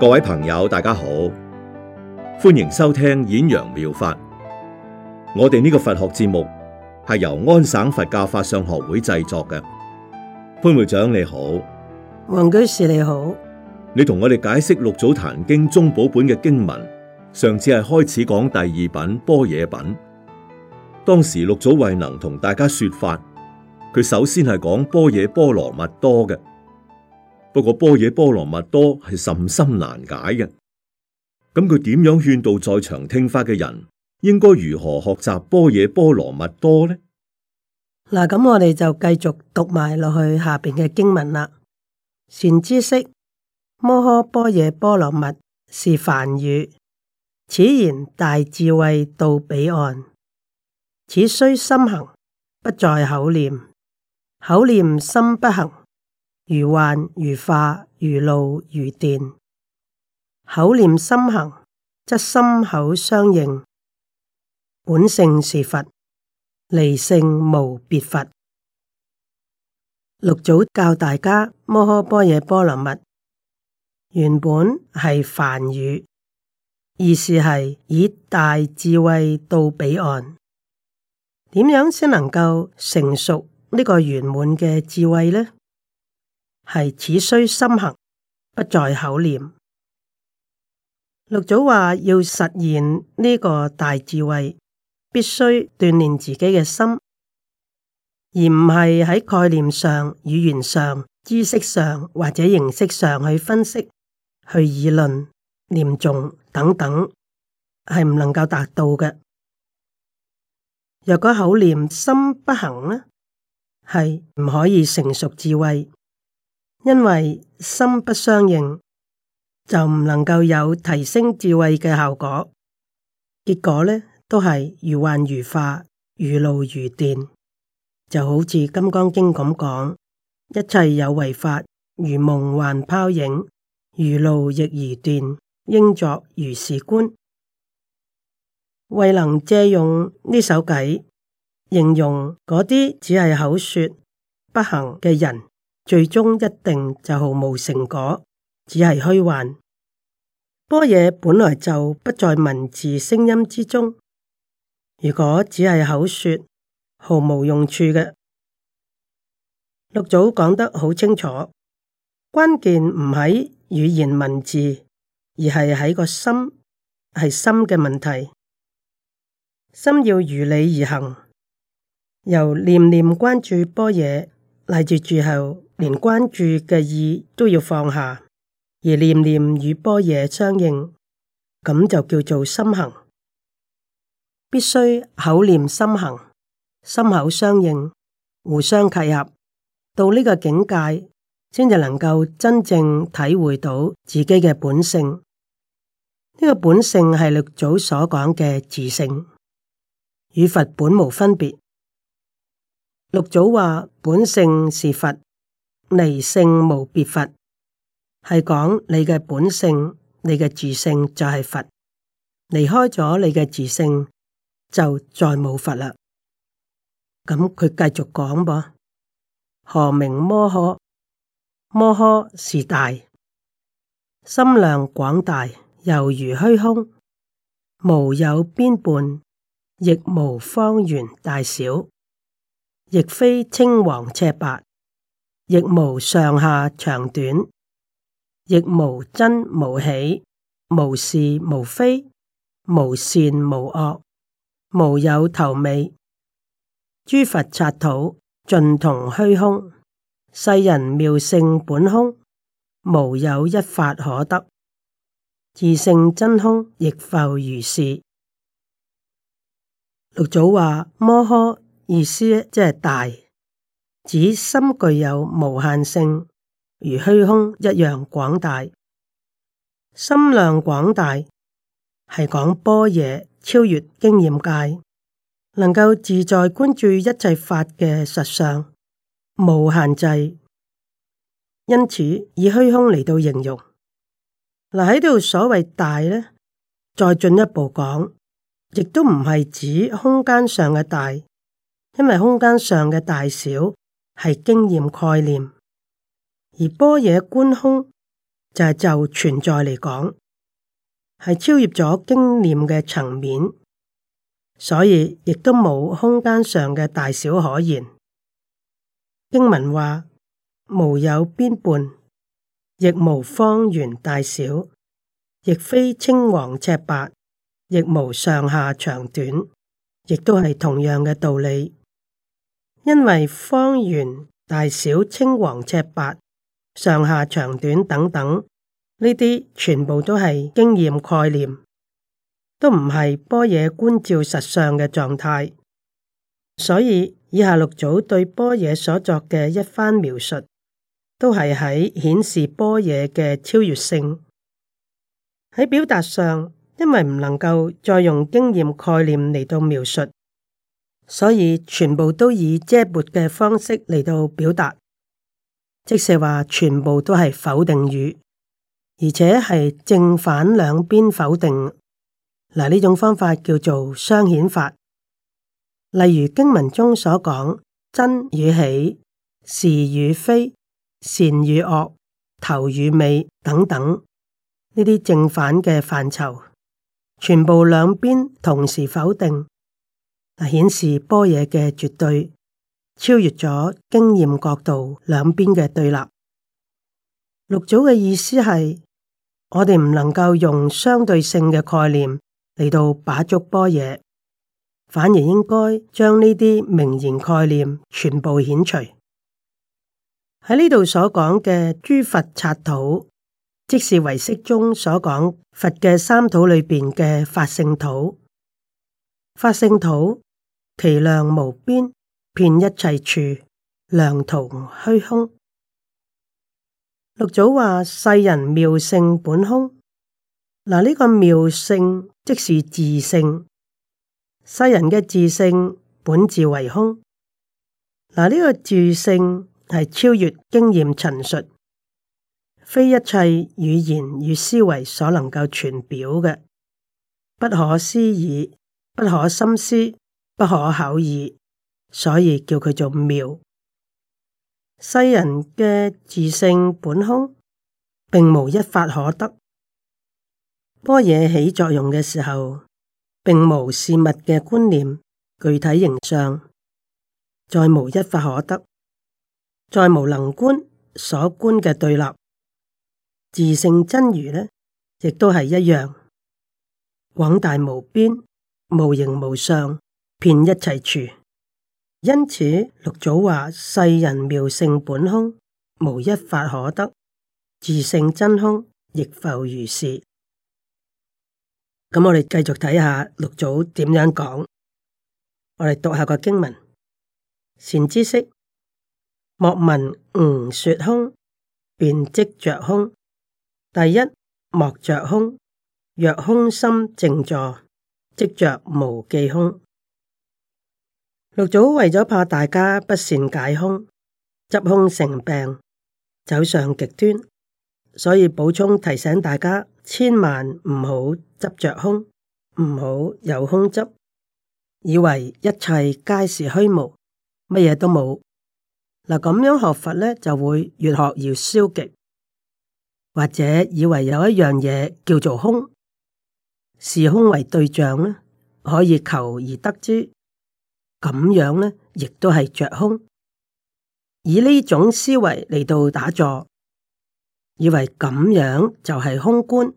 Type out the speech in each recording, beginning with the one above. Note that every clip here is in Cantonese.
各位朋友，大家好，歡迎收聽演揚妙、妙法。我哋呢個佛學節目係由安省佛教法相學會製作嘅。潘會長你好，黃居士你好，你同我哋解釋六祖壇經中宗寶本嘅經文。上次係開始講第二品般若品，當時六祖慧能同大家說法，佢首先係講般若波羅蜜多嘅。不過般若波羅蜜多係甚深難解嘅，咁佢點樣勸導在場聽法嘅人，應該如何學習般若波羅蜜多呢？嗱，咁我哋就繼續讀埋落去下邊嘅經文啦。善知識，摩訶般若波羅蜜是梵語，此言大智慧到彼岸，此須心行，不在口念，口念心不行。如幻如化，如露如電，口念心行，則心口相應。本性是佛，離性無別佛。六祖教大家摩訶般若波羅蜜，原本係梵語，意思係以大智慧到彼岸。點樣先能夠成熟呢個圓滿嘅智慧呢？係，此須心行，不在口念。六祖話：要實現呢個大智慧，必須鍛煉自己嘅心，而唔係喺概念上、語言上、知識上或者形式上去分析、去議論、念重等等，係唔能夠達到嘅。若果口念心不行呢，係唔可以成熟智慧。因為心不相應，就唔能夠有提升智慧嘅效果。結果呢，都係如幻如化，如露如電，就好似《金剛經》咁講：一切有為法，如夢幻泡影，如露亦如電，應作如是觀。為能借用呢首偈，形容嗰啲只係口說不行嘅人。最終一定就毫無成果，只係虛幻。般若本來就不在文字聲音之中。如果只係口說，毫無用處嘅。六祖講得好清楚，關鍵唔喺語言文字，而係喺個心，係心嘅問題。心要如理而行，由念念關注般若，乃至住後。連關注嘅意都要放下，而念念與般若相應，咁就叫做心行。必須口念心行，心口相應，互相契合，到呢個境界，先至能夠真正體會到自己嘅本性。呢個本性係六祖所講嘅自性，與佛本無分別。六祖話：本性是佛。離性無別佛，係講你嘅本性，你嘅自性就係佛。離開咗你嘅自性，就再冇佛啦。咁佢繼續講噃，何名摩訶？摩訶是大，心量廣大，猶如虛空，無有邊畔，亦無方圓大小，亦非青黃赤白。亦無上下、長短，亦無真無喜、無是無非、無善無惡、無有頭尾。諸佛刹土盡同虛空，世人妙性本空，無有一法可得。自性真空，亦復如是。六祖話：摩訶，意思即係大。指心具有無限性，如虛空一樣廣大。心量廣大係講般若超越經驗界，能夠自在觀注一切法嘅實相，無限制。因此以虛空嚟到形容。嗱，喺度所謂大呢，再進一步講，亦都唔係指空間上嘅大，因為空間上嘅大小。係經驗概念，而般若觀空就係、是、就存在嚟講，係超越咗經驗嘅層面，所以亦都冇空間上嘅大小可言。經文話：無有邊畔，亦無方圓大小，亦非青黃赤白，亦無上下長短，亦都係同樣嘅道理。因為方圓大小、青黃赤白、上下長短等等呢啲全部都係經驗概念，都唔係般若觀照實相嘅狀態，所以以下六組對般若所作嘅一番描述，都係喺顯示般若嘅超越性。喺表達上，因為唔能夠再用經驗概念嚟到描述。所以全部都以遮撥嘅方式嚟到表達，即是話全部都係否定語，而且係正反兩邊否定。嗱，呢種方法叫做雙顯法。例如經文中所講真與喜、是與非、善與惡、頭與尾等等呢啲正反嘅範疇，全部兩邊同時否定。嗱，顯示般若嘅絕對超越咗經驗角度兩邊嘅對立。六祖嘅意思係，我哋唔能夠用相對性嘅概念嚟到把捉般若，反而應該將呢啲名言概念全部遣除。喺呢度所講嘅諸佛剎土，即是唯識宗所講佛嘅三土裏邊嘅法性土，法性土。其量無邊，遍一切處，量同虛空。六祖話：世人妙性本空。嗱，呢個妙性即是自性。世人嘅自性本自為空。嗱，呢個自性係超越經驗陳述，非一切語言與思維所能夠傳表嘅，不可思議，不可心思。不可思議，所以叫佢做妙。世人嘅自性本空，並無一法可得。般若起作用嘅時候，並無事物嘅觀念、具體形象，再無一法可得，再無能觀所觀嘅對立。自性真如呢，亦都係一樣，廣大無邊，無形無相。遍一切處，因此六祖話：世人妙性本空，無一法可得；自性真空，亦復如是。咁我哋繼續睇下六祖點樣講，我哋讀下個經文：善知識，莫聞吾說空，便即着空。第一莫着空，若空心靜坐，即着無記空。六祖為咗怕大家不善解空，執空成病，走上極端，所以補充提醒大家，千萬唔好執着空，唔好有空執，以為一切皆是虛無，乜嘢都冇。嗱咁樣學佛咧，就會越學越消極，或者以為有一樣嘢叫做空，視空為對象啦，可以求而得之。咁樣咧，亦都係着空，以呢種思維嚟到打坐，以為咁樣就係空觀，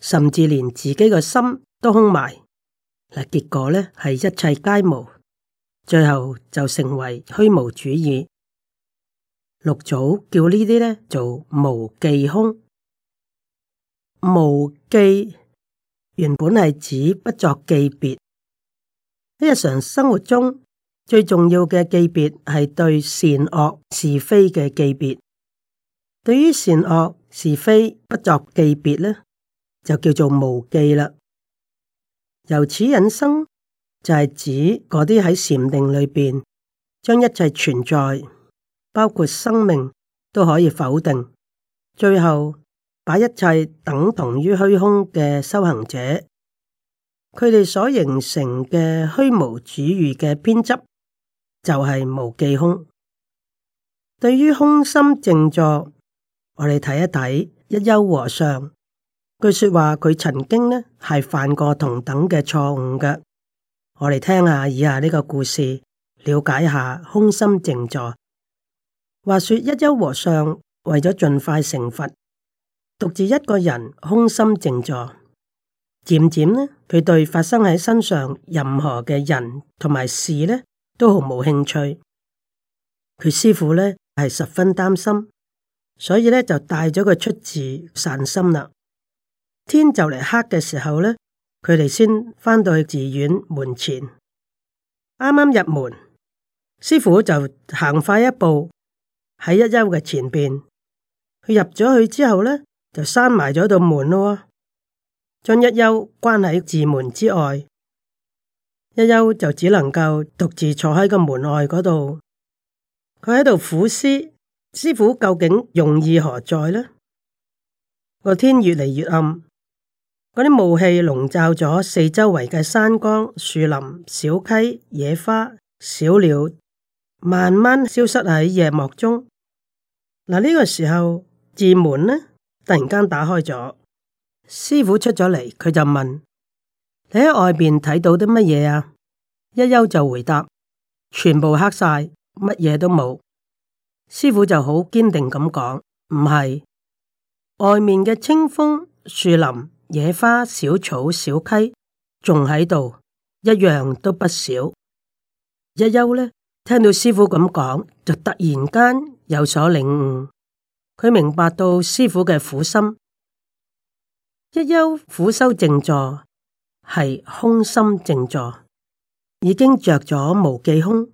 甚至連自己嘅心都空埋，嗱，結果咧係一切皆無，最後就成為虛無主義。六祖叫呢啲咧做無記空，無記原本係指不作記別。喺日常生活中最重要嘅記別係對善惡是非嘅記別。對於善惡是非不作記別咧，就叫做無記啦。由此引申就係指嗰啲喺禪定裏邊，將一切存在包括生命都可以否定，最後把一切等同於虛空嘅修行者。佢哋所形成嘅虛無主義嘅偏執，就係、是、無記空。對於空心靜坐，我哋睇一睇一休和尚。據說話，佢曾經呢係犯過同等嘅錯誤嘅。我哋聽下以下呢個故事，了解下空心靜坐。話說一休和尚為咗盡快成佛，獨自一個人空心靜坐。漸漸呢，佢對發生喺身上任何嘅人同埋事呢都毫無興趣。佢師父呢係十分擔心，所以呢就帶咗佢出寺散心啦。天就嚟黑嘅時候呢，佢哋先翻到去寺院門前。啱啱入門，師父就行快一步喺一休嘅前邊。佢入咗去之後呢，就閂埋咗道門咯。將一休關喺寺門之外，一休就只能夠獨自坐喺個門外嗰度。佢喺度苦思，師傅究竟用意何在呢？個天越嚟越暗，嗰啲霧氣籠罩咗四周圍嘅山崗、樹林、小溪、野花、小鳥，慢慢消失喺夜幕中。嗱、這、呢個時候，寺門呢突然間打開咗。師傅出咗嚟，佢就問：你喺外面睇到啲乜嘢啊？一休就回答：全部黑晒，乜嘢都冇。師傅就好堅定咁講：唔係，外面嘅清風、樹林、野花、小草、小溪，仲喺度，一樣都不少。一休呢聽到師傅咁講，就突然間有所領悟，佢明白到師傅嘅苦心。一休苦修靜坐，係空心靜坐，已經着咗無記空。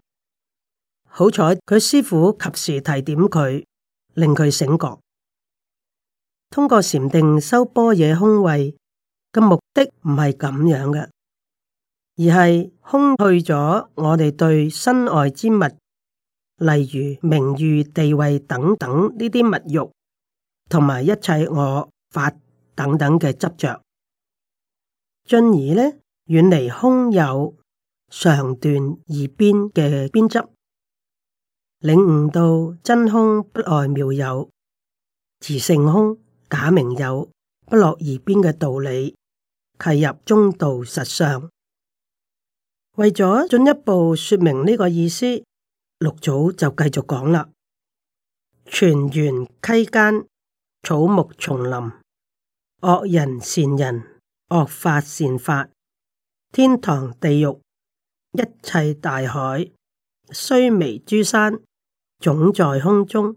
好彩佢師父及時提點佢，令佢醒覺。通過禪定修般若空慧嘅目的唔係咁樣嘅，而係空去咗我哋對身外之物，例如名譽、地位等等呢啲物欲，同埋一切我法。等等嘅執着，進而呢，遠離空有、常斷、二邊，嘅邊執，領悟到真空不礙妙有，自性空假名有不落二邊嘅道理，契入中道實相。為咗進一步說明呢個意思，六祖就繼續講啦：泉源溪間草木叢林。惡人善人，惡法善法，天堂地獄，一切大海，須彌諸山，總在空中。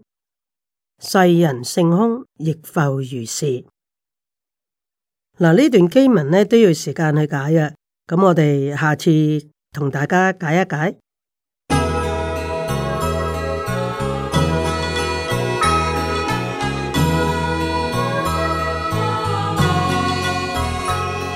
世人性空，亦復如是。嗱，呢段經文呢都要時間去解嘅，咁我哋下次同大家解一解。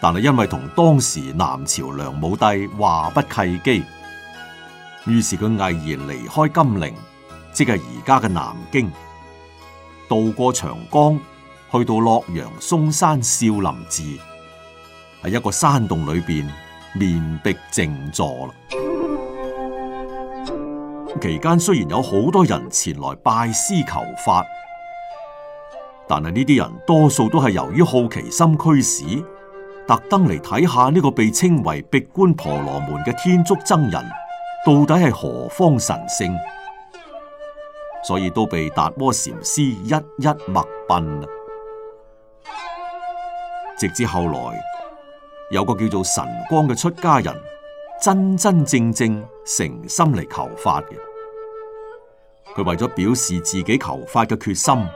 但係因為同當時南朝梁武帝話不契機，於是佢毅然離開金陵，即係而家嘅南京，渡過長江，去到洛陽嵩山少林寺，喺一個山洞裏邊面面壁靜坐啦。期間雖然有好多人前來拜師求法，但係呢啲人多數都係由於好奇心驅使。特登嚟睇下呢個被稱為壁觀婆羅門嘅天竺僧人，到底係何方神聖？所以都被達摩禪師一一默擯。直至後來，有個叫做神光嘅出家人，真真正正誠心嚟求法嘅。佢為咗表示自己求法嘅決心，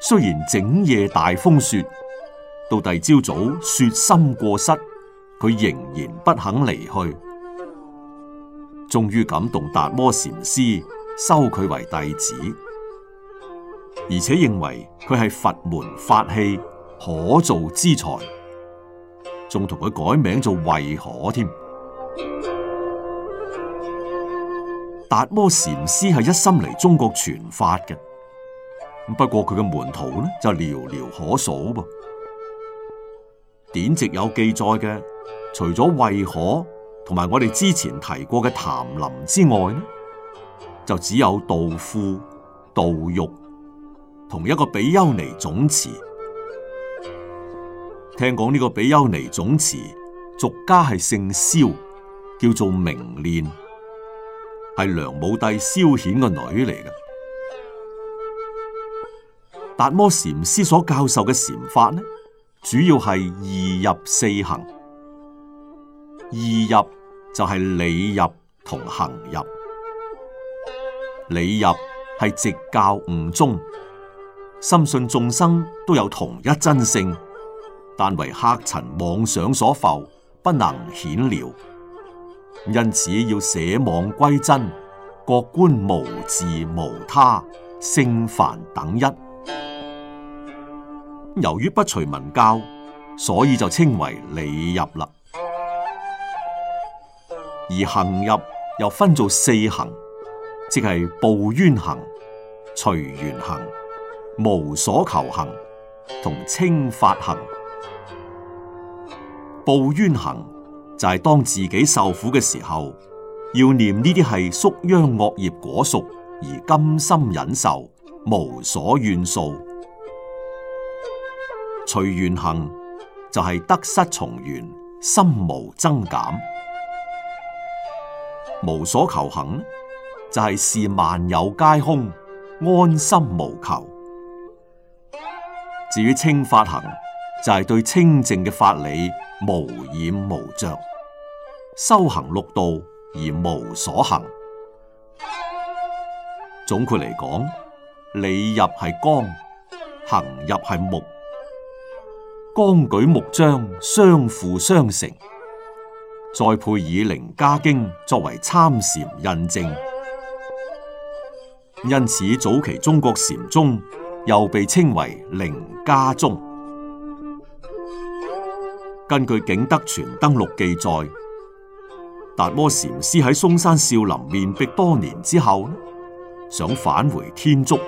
雖然整夜大風雪。到第朝早雪深過膝，佢仍然不肯離去，終於感動達摩禪師收佢為弟子，而且認為佢係佛門法器可造之才，仲同佢改名做慧可添。達摩禪師係一心嚟中國傳法嘅，不過佢嘅門徒呢就寥寥可數噃。典籍有記載嘅，除咗慧可同埋我哋之前提過嘅曇林之外，呢就只有道副、道育同一個比丘尼總持。聽講呢個比丘尼總持，俗家係姓蕭，叫做明練，係梁武帝蕭衍個女嚟嘅。達摩禪師所教授嘅禪法呢？主要係二入四行，二入就係理入同行入，理入係直教悟宗，深信眾生都有同一真性，但為客塵妄想所浮，不能顯了，因此要捨妄歸真，各觀無自無他，聖凡等一。由於不隨文教，所以就稱為理入啦。而行入又分做四行，即係報冤行、隨緣行、無所求行同清法行。報冤行就係當自己受苦嘅時候，要念呢啲係宿殃惡業果熟，而甘心忍受，無所怨訴。隨緣行就係得失從緣，心無增減；無所求行就係事萬有皆空，安心無求。至於清法行就係對清淨嘅法理無染無著，修行六度而無所行。總括嚟講，理入係光，行入係木。綱舉目張，相輔相成，再配以楞伽經作為參禪印證，因此早期中國禪宗又被稱為楞伽宗。根據景德傳燈錄記載，達摩禪師喺嵩山少林面壁多年之後，想返回天竺，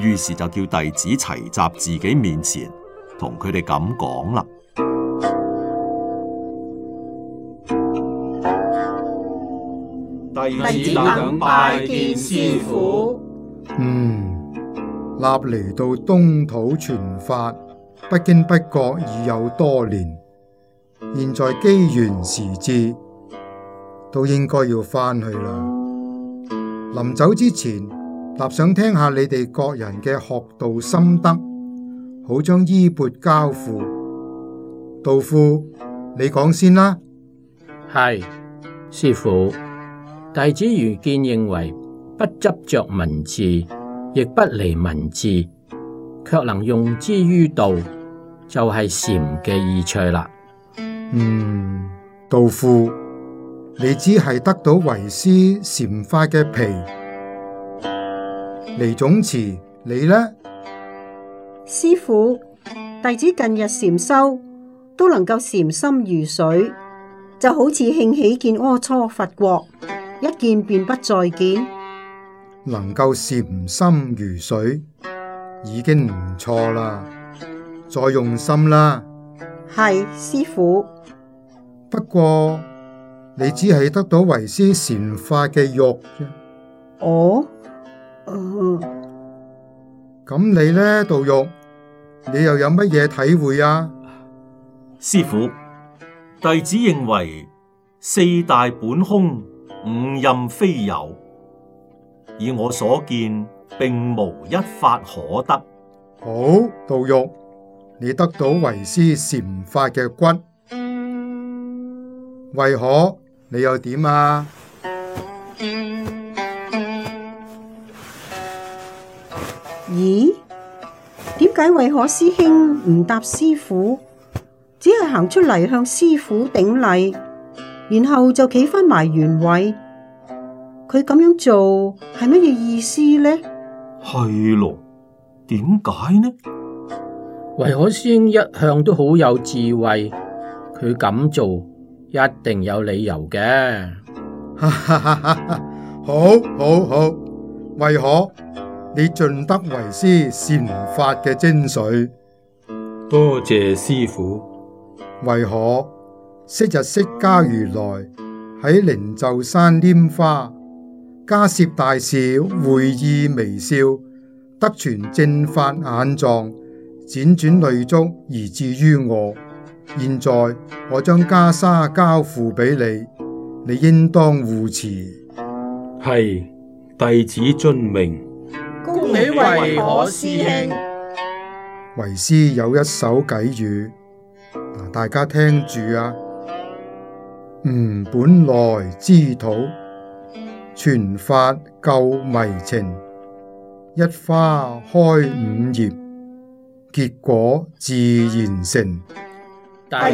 於是就叫弟子齊集自己面前。同佢哋咁講啦。弟子想拜見師父。嗯，立嚟到東土傳法，不經不覺已有多年。現在機緣時至，都應該要翻去啦。臨走之前，立想聽下你哋各人嘅學道心得。好，將衣鉢交付道副，你講先啦。係師父。弟子愚見認為不執着文字，亦不離文字，卻能用之於道，就係禪嘅意趣啦。嗯，道副，你只係得到為師禪法嘅皮。尼總持，你呢？師父，弟子近日禪修都能夠禪心如水，就好似興起見阿閦佛國，一見便不再見。能夠禪心如水已經唔錯啦，再用心啦。係師父。不過你只係得到為師禪化嘅肉啫。我、哦，嗯，咁你呢，道玉？你又有乜嘢體會啊？師父，弟子認為四大本空，五蘊非有，以我所見，並無一法可得。好，杜玉，你得到為師禪法嘅骨，為何你又點啊？咦、嗯？點解？慧可師兄唔答師傅，只係行出嚟向師傅頂禮，然後就企翻埋原位？佢咁樣做係乜嘢意思呢？係咯？點解呢？慧可師兄一向都好有智慧，佢咁做一定有理由嘅。哈哈哈哈，好，好，好，慧可？你盡得為師禪法嘅精髓。多謝師父。為何昔日釋迦如來喺靈鷲山拈花，迦葉大士會意微笑，得傳正法眼藏，輾轉累足而至於我。現在我將袈裟交付俾你，你應當護持。係，弟子遵命。恭喜為我師兄，為師有一首偈語，大家聽住啊。吾本來茲土，傳法救迷情，一花開五葉，結果自然成。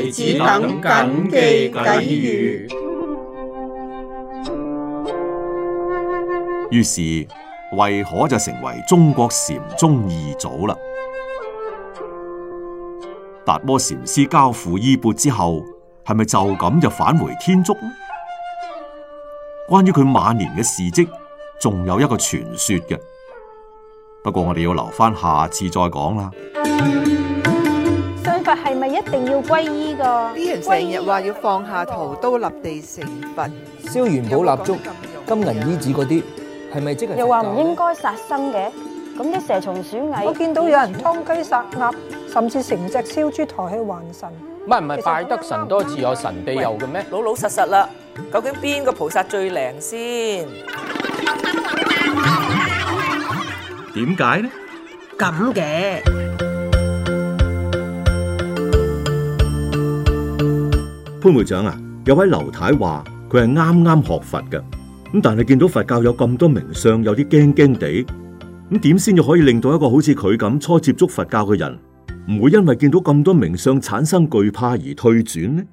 弟子等謹記偈語。於是。為何就成為中國禪宗二祖啦？達摩禪師交付衣缽之後，係咪就咁就返回天竺呢？關於佢晚年嘅事跡，仲有一個傳說嘅。不過我哋要留翻，下次再講啦。信佛係咪一定要皈依噶？啲人成日話要放下屠刀立地成佛，燒元寶蠟燭、有有金銀衣子嗰啲。又話唔應該殺生嘅，咁啲蛇蟲鼠蟻，我見到有人劏雞殺鴨，甚至成隻燒豬抬去還神，唔係唔係拜得神多自有神庇佑嘅咩？老老實實啦，究竟邊個菩薩最靈先？點解呢？咁嘅潘會長啊，有位劉太話佢係啱啱學佛㗎。咁但係見到佛教有咁多名相，有啲驚驚地，咁點先至可以令到一個好似佢咁初接觸佛教嘅人，唔會因為見到咁多名相產生懼怕而退轉呢？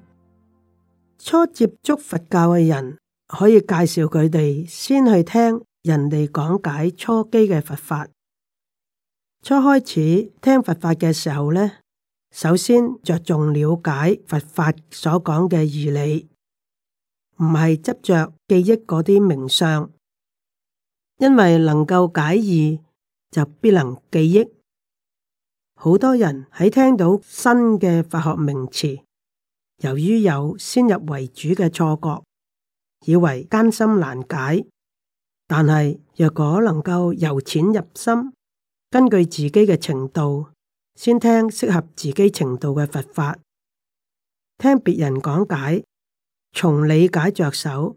初接觸佛教嘅人，可以介紹佢哋先去聽人哋講解初基嘅佛法。初開始聽佛法嘅時候呢，首先着重了解佛法所講嘅義理，唔係執着記憶嗰啲名相，因為能夠解義，就必能記憶。好多人喺聽到新嘅法學名詞，由於有先入為主嘅錯覺，以為艱深難解。但係若果能夠由淺入深，根據自己嘅程度，先聽適合自己程度嘅佛法，聽別人講解。從理解着手，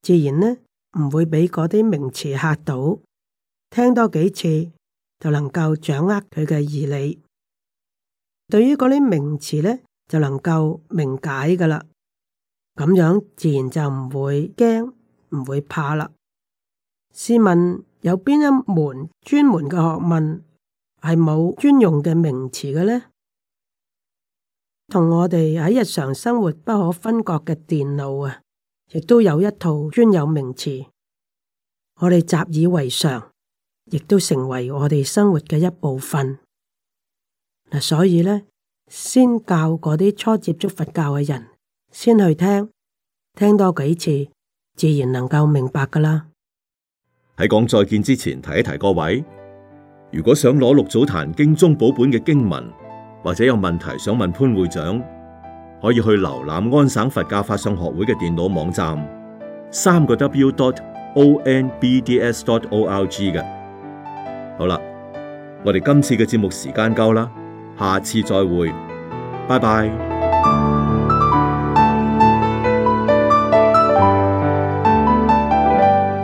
自然呢唔會俾嗰啲名詞嚇到。聽多幾次就能夠掌握佢嘅義理。對於嗰啲名詞呢，就能夠明解㗎啦。咁樣自然就唔會驚，唔會怕啦。試問有邊一門專門嘅學問係冇專用嘅名詞嘅呢？同我哋喺日常生活不可分割嘅電腦啊，亦都有一套專有名詞，我哋習以為常，亦都成為我哋生活嘅一部分。嗱，所以咧，先教嗰啲初接觸佛教嘅人，先去聽，聽多幾次，自然能夠明白㗎喇。喺講再見之前，提一提各位，如果想攞六祖壇經中寶本嘅經文。或者有問題想問潘會長，可以去瀏覽安省佛教法相學會嘅電腦網站，三個 W dot O N B D S dot O R G 嘅。好啦，我哋今次嘅節目時間夠啦，下次再會，拜拜。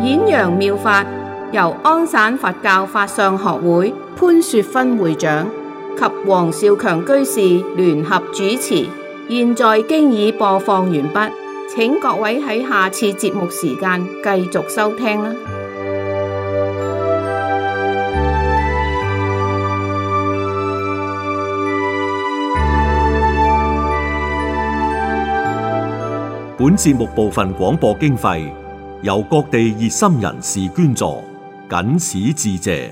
演揚妙法，由安省佛教法相學會潘雪芬會長，及黃少強居士聯合主持，現在經已播放完畢，請各位喺下次節目時間繼續收聽啦。本節目部分廣播經費由各地熱心人士捐助，謹此致謝。